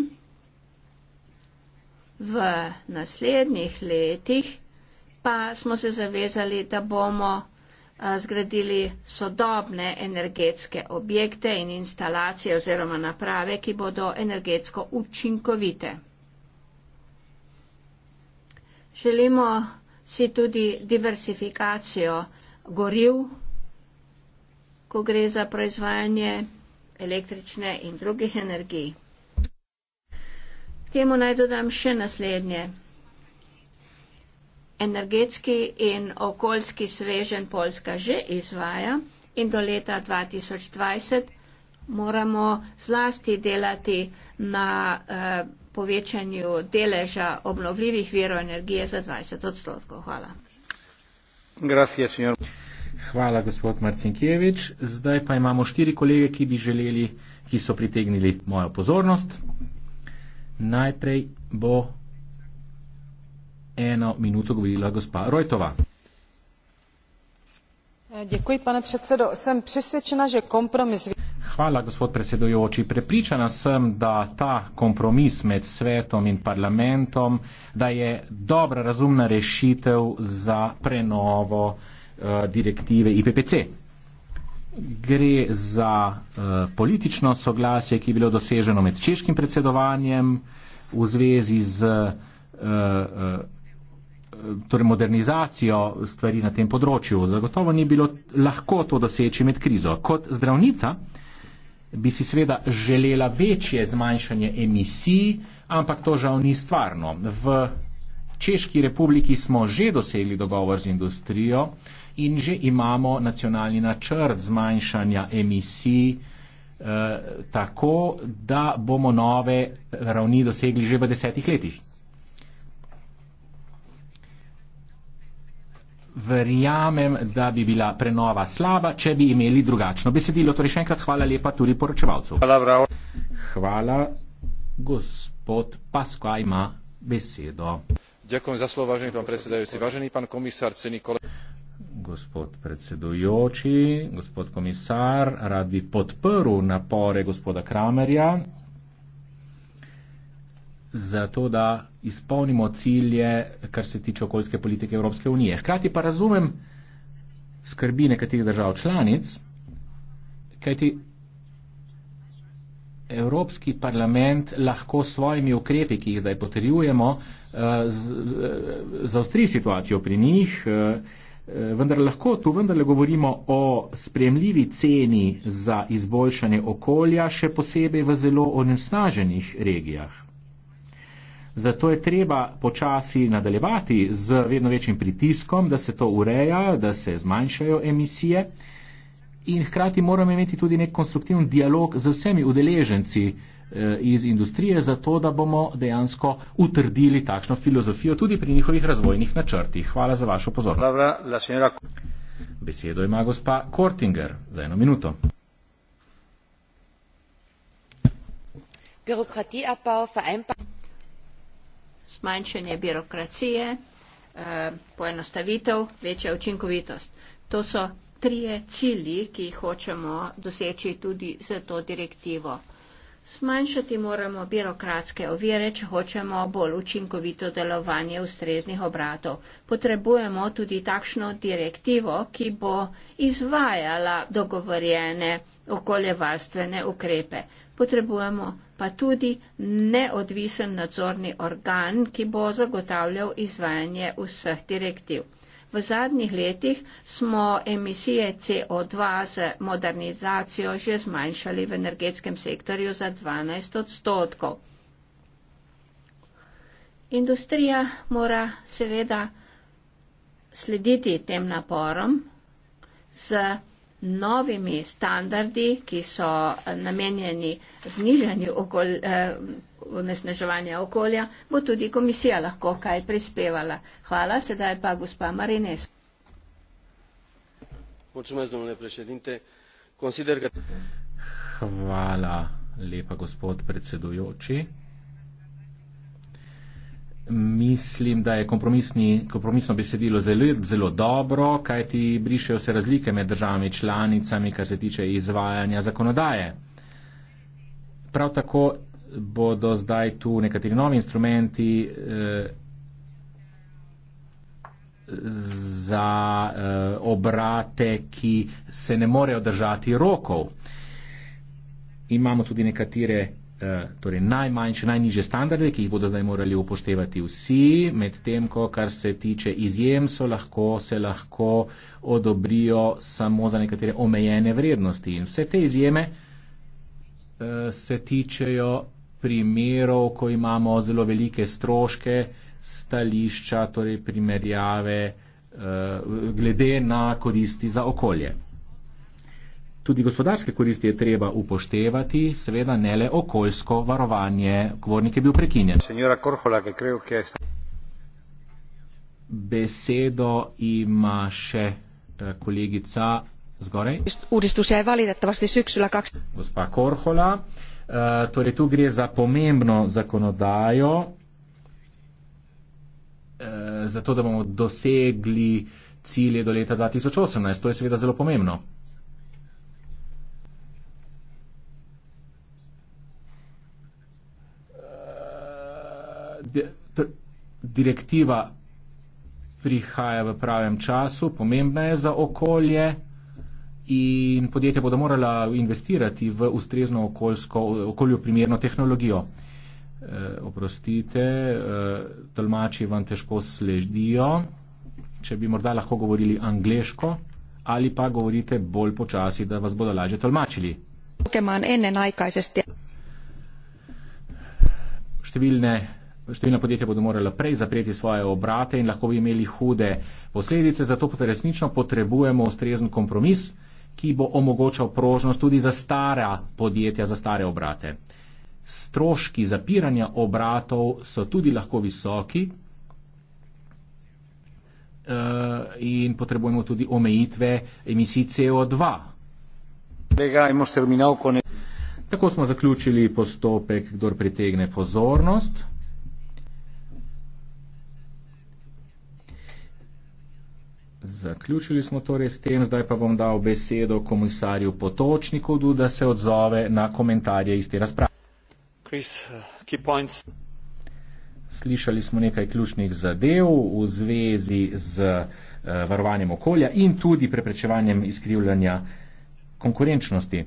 V naslednjih letih pa smo se zavezali, da bomo eh, zgradili sodobne energetske objekte in instalacije oziroma naprave, ki bodo energetsko učinkovite. Želimo si tudi diversifikacijo goriv, ko gre za proizvajanje električne in drugih energij. Temu naj dodam še naslednje. Energetski in okoljski svežen Poljska že izvaja in do leta 2020 moramo zlasti delati na eh, povečanju deleža obnovljivih virov energije za 20 odstotkov. Hvala. Gracias, señor. Hvala, gospod Marcinkijevič. Zdaj pa imamo štiri kolege, ki bi želeli, ki so pritegnili mojo pozornost. Najprej bo eno minuto govorila gospa Rojtova. Děkuji, pane předsedo. Jsem přesvědčena, že kompromis Hvala, gospod predsedujoči. Prepričana sem, da ta kompromis med svetom in parlamentom, da je dobra razumna rešitev za prenovo eh, direktive IPPC. Gre za eh, politično soglasje, ki je bilo doseženo med češkim predsedovanjem v zvezi z eh, torej modernizacijo stvari na tem področju. Zagotovo ni bilo lahko to doseči med krizo. Kot zdravnica, bi si seveda želela večje zmanjšanje emisij, ampak to žal ni stvarno. V Češki republiki smo že dosegli dogovor z industrijo in že imamo nacionalni načrt zmanjšanja emisij eh, tako, da bomo nove ravni dosegli že v desetih letih. verjamem, da bi bila prenova slaba, če bi imeli drugačno besedilo. Torej še enkrat hvala lepa tudi poročevalcu. Hvala, bravo. Hvala, gospod Paskva ima besedo. Ďakujem za slovo, vážený pán predsedajúci. Vážený pán komisár, cený kolega. Gospod predsedujoči, gospod komisár, rád by podporu napore gospoda Kramerja, za to, da izpolnimo cilje, kar se tiče okoljske politike Evropske unije. Hkrati pa razumem skrbi nekaterih držav članic, kajti Evropski parlament lahko s svojimi ukrepi, ki jih zdaj potrjujemo, eh, eh, zaostri situacijo pri njih, eh, vendar lahko tu vendarle govorimo o spremljivi ceni za izboljšanje okolja, še posebej v zelo onesnaženih regijah. Zato je treba počasi nadaljevati z vedno večjim pritiskom, da se to ureja, da se zmanjšajo emisije. In hkrati moramo imeti tudi nek konstruktivni dialog z vsemi udeleženci eh, iz industrije, zato da bomo dejansko utrdili takšno filozofijo tudi pri njihovih razvojnih načrtih. Hvala za vašo pozornost. Dobre, la signora... Besedo ima gospa Kortinger za eno minuto. Birokratija pa vseeno zmanjšanje birokracije, eh, poenostavitev, večja učinkovitost. To so trije cilji, ki jih hočemo doseči tudi z to direktivo. Smanjšati moramo birokratske ovire, če hočemo bolj učinkovito delovanje ustreznih obratov. Potrebujemo tudi takšno direktivo, ki bo izvajala dogovorjene okoljevarstvene ukrepe. Potrebujemo pa tudi neodvisen nadzorni organ, ki bo zagotavljal izvajanje vseh direktiv. V zadnjih letih smo emisije CO2 z modernizacijo že zmanjšali v energetskem sektorju za 12 odstotkov. Industrija mora seveda slediti tem naporom z novimi standardi, ki so eh, namenjeni znižanju onesnaževanja okol, eh, okolja, bo tudi komisija lahko kaj prispevala. Hvala, sedaj pa gospa Marines. Hvala lepa, gospod predsedujoči. Mislim, da je kompromisno besedilo zelo, zelo dobro, kajti brišejo se razlike med državami članicami, kar se tiče izvajanja zakonodaje. Prav tako bodo zdaj tu nekateri novi instrumenti eh, za eh, obrate, ki se ne morejo držati rokov. Imamo tudi nekatere Eh, torej najmanjše, najniže standarde, ki jih bodo zdaj morali upoštevati vsi, medtem ko kar se tiče izjem, so lahko, se lahko odobrijo samo za nekatere omejene vrednosti. In vse te izjeme eh, se tičejo primerov, ko imamo zelo velike stroške, stališča, torej primerjave eh, glede na koristi za okolje tudi gospodarske koristi je treba upoštevati, seveda ne le okoljsko varovanje. Kvornik je bil prekinjen. Besedo ima še eh, kolegica zgoraj. Gospa Korhola, eh, torej tu gre za pomembno zakonodajo, eh, zato da bomo dosegli cilje do leta 2018. To je seveda zelo pomembno. direktiva prihaja v pravem času, pomembna je za okolje in podjetja bodo morala investirati v ustrezno okoljsko, okolju primerno tehnologijo. E, oprostite, e, tolmači vam težko sledijo, če bi morda lahko govorili angliško ali pa govorite bolj počasi, da vas bodo lažje tolmačili. Številne Številna podjetja bodo morala prej zapreti svoje obrate in lahko bi imeli hude posledice, zato pa resnično potrebujemo ustrezen kompromis, ki bo omogočal prožnost tudi za stara podjetja, za stare obrate. Stroški zapiranja obratov so tudi lahko visoki eh, in potrebujemo tudi omejitve emisij CO2. Tako smo zaključili postopek, kdor pritegne pozornost. Zaključili smo torej s tem, zdaj pa bom dal besedo komisarju Potočniku, da se odzove na komentarje iz te razprave. Chris, uh, key points. Slišali smo nekaj ključnih zadev v zvezi z uh, varovanjem okolja in tudi preprečevanjem izkrivljanja konkurenčnosti.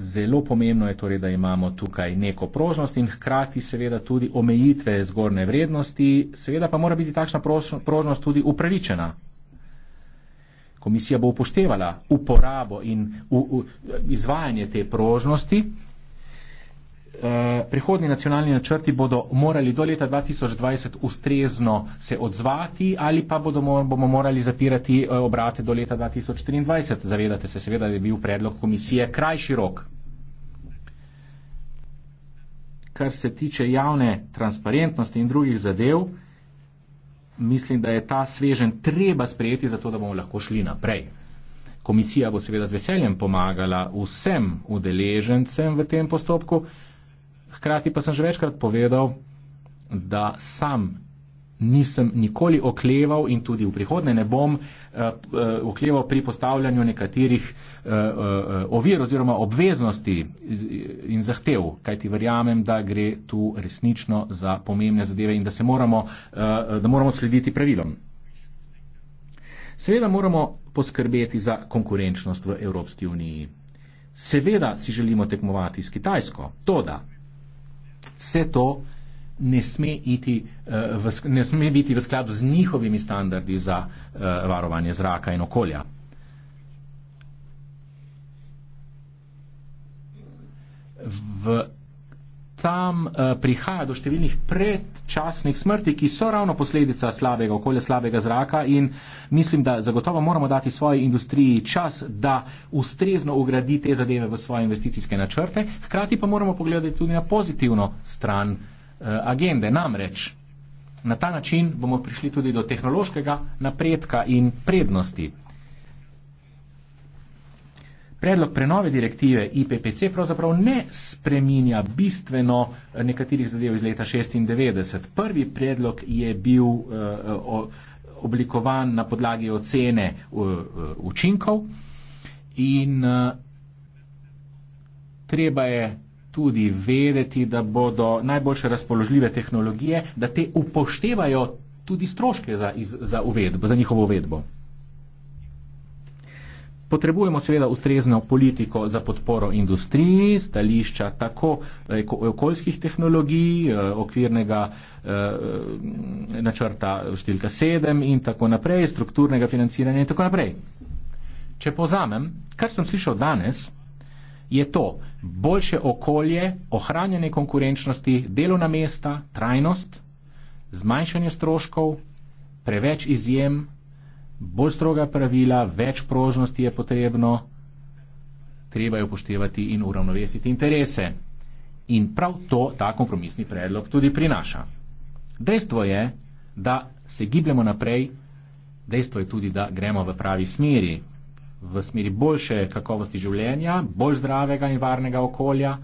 Zelo pomembno je torej, da imamo tukaj neko prožnost in hkrati seveda tudi omejitve zgornje vrednosti, seveda pa mora biti takšna prožnost tudi upravičena. Komisija bo upoštevala uporabo in u, u, izvajanje te prožnosti Eh, prihodni nacionalni načrti bodo morali do leta 2020 ustrezno se odzvati ali pa bodo, bomo morali zapirati eh, obrate do leta 2023. Zavedate se seveda, da je bil predlog komisije krajši rok. Kar se tiče javne transparentnosti in drugih zadev, mislim, da je ta svežen treba sprejeti, zato da bomo lahko šli naprej. Komisija bo seveda z veseljem pomagala vsem udeležencem v tem postopku. Hkrati pa sem že večkrat povedal, da sam nisem nikoli okleval in tudi v prihodne ne bom uh, uh, okleval pri postavljanju nekaterih uh, uh, ovir oziroma obveznosti in zahtev, kajti verjamem, da gre tu resnično za pomembne zadeve in da, moramo, uh, da moramo slediti pravilom. Seveda moramo poskrbeti za konkurenčnost v Evropski uniji. Seveda si želimo tekmovati s Kitajsko, to da. Vse to ne sme, iti, uh, v, ne sme biti v skladu z njihovimi standardi za uh, varovanje zraka in okolja. V tam eh, prihaja do številnih predčasnih smrti, ki so ravno posledica slabega okolja, slabega zraka in mislim, da zagotovo moramo dati svoji industriji čas, da ustrezno ugradi te zadeve v svoje investicijske načrte. Hkrati pa moramo pogledati tudi na pozitivno stran eh, agende. Namreč na ta način bomo prišli tudi do tehnološkega napredka in prednosti predlog prenove direktive IPPC pravzaprav ne spreminja bistveno eh, nekaterih zadev iz leta 96. Prvi predlog je bil eh, oblikovan na podlagi ocene eh, učinkov in treba je tudi vedeti, da bodo najboljše razpoložljive tehnologije, da te upoštevajo tudi stroške za, iz, za uvedbo, za njihovo uvedbo. Potrebujemo seveda ustrezno politiko za podporo industriji, stališča tako eh, okoljskih tehnologij, eh, okvirnega eh, načrta številka 7 in tako naprej, strukturnega financiranja in tako naprej. Če povzamem, kar sem slišal danes, je to boljše okolje, ohranjanje konkurenčnosti, delovna mesta, trajnost, zmanjšanje stroškov, preveč izjem, bolj stroga pravila, več prožnosti je potrebno, treba je upoštevati in uravnovesiti interese. In prav to ta kompromisni predlog tudi prinaša. Dejstvo je, da se gibljemo naprej, dejstvo je tudi, da gremo v pravi smeri, v smeri boljše kakovosti življenja, bolj zdravega in varnega okolja,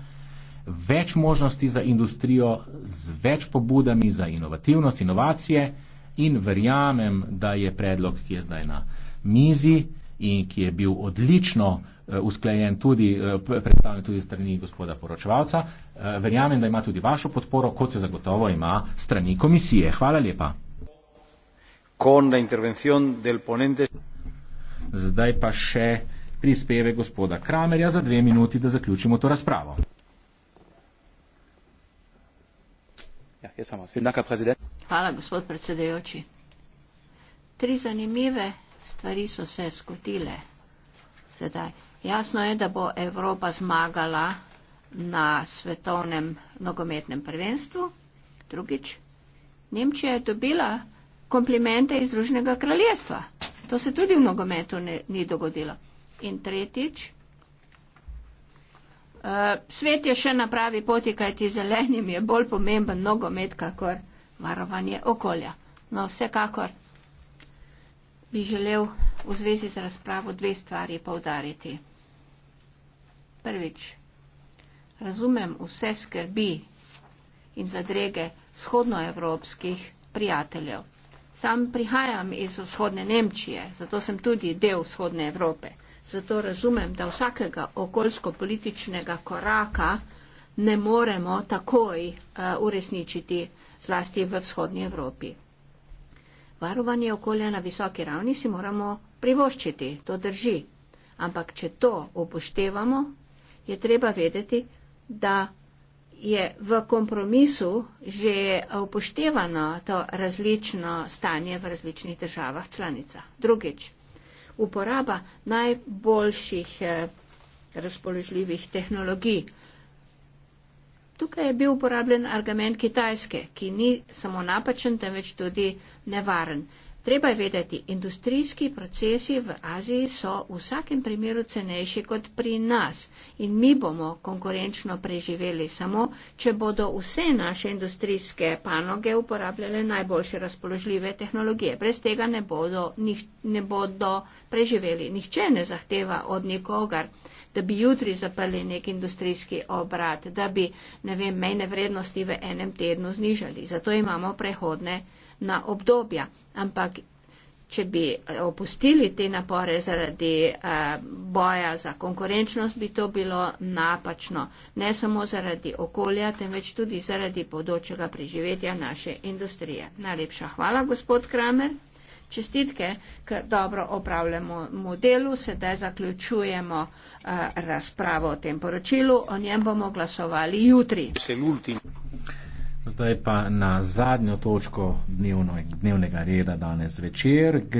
več možnosti za industrijo z več pobudami za inovativnost, inovacije in verjamem, da je predlog, ki je zdaj na mizi in ki je bil odlično eh, usklajen tudi, eh, predstavljen tudi strani gospoda poročevalca, eh, verjamem, da ima tudi vašo podporo, kot jo zagotovo ima strani komisije. Hvala lepa. Zdaj pa še prispeve gospoda Kramerja za dve minuti, da zaključimo to razpravo. Ja, jaz sem vas. Vidnaka prezident. Hvala, gospod predsedajoči. Tri zanimive stvari so se zgodile sedaj. Jasno je, da bo Evropa zmagala na svetovnem nogometnem prvenstvu. Drugič, Nemčija je dobila komplimente iz Združenega kraljestva. To se tudi v nogometu ne, ni dogodilo. In tretjič, Uh, svet je še na pravi poti, kajti zelenim je bolj pomemben nogomet, kakor uh, varovanje okolja. No, vsekakor bi želel v zvezi z razpravo dve stvari povdariti. Prvič, razumem vse skrbi in zadrege vzhodnoevropskih prijateljev. Sam prihajam iz vzhodne Nemčije, zato sem tudi del vzhodne Evrope. Zato razumem, da vsakega okoljsko-političnega koraka ne moremo takoj uh, uresničiti zlasti v vzhodnji Evropi. Varovanje okolja na visoki ravni si moramo privoščiti, to drži. Ampak, če to upoštevamo, je treba vedeti, da je v kompromisu že upoštevano to različno stanje v različnih državah članicah. Drugič, uporaba najboljših eh, razpoložljivih tehnologij. Eh, Tukaj je bil uporabljen argument Kitajske, ki ni samo napačen, temveč tudi nevaren. Treba je vedeti, industrijski procesi v Aziji so v vsakem primeru cenejši kot pri nas in mi bomo konkurenčno preživeli samo, če bodo vse naše industrijske panoge uporabljale najboljše razpoložljive tehnologije. Brez tega ne bodo, njih, ne bodo preživeli. Nihče ne zahteva od nikogar, da bi jutri zaprli nek industrijski obrat, da bi ne vem, mejne vrednosti v enem tednu znižali. Zato imamo prehodne na obdobja. Ampak če bi eh, opustili te napore zaradi eh, boja za konkurenčnost, bi to bilo napačno. Ne samo zaradi okolja, temveč tudi zaradi bodočega preživetja naše industrije. Najlepša hvala, gospod Kramer. Čestitke, ker dobro opravljamo modelu, sedaj zaključujemo uh, razpravo o tem poročilu, o njem bomo glasovali jutri. Zdaj pa na zadnjo točko dnevno, dnevnega reda danes večer.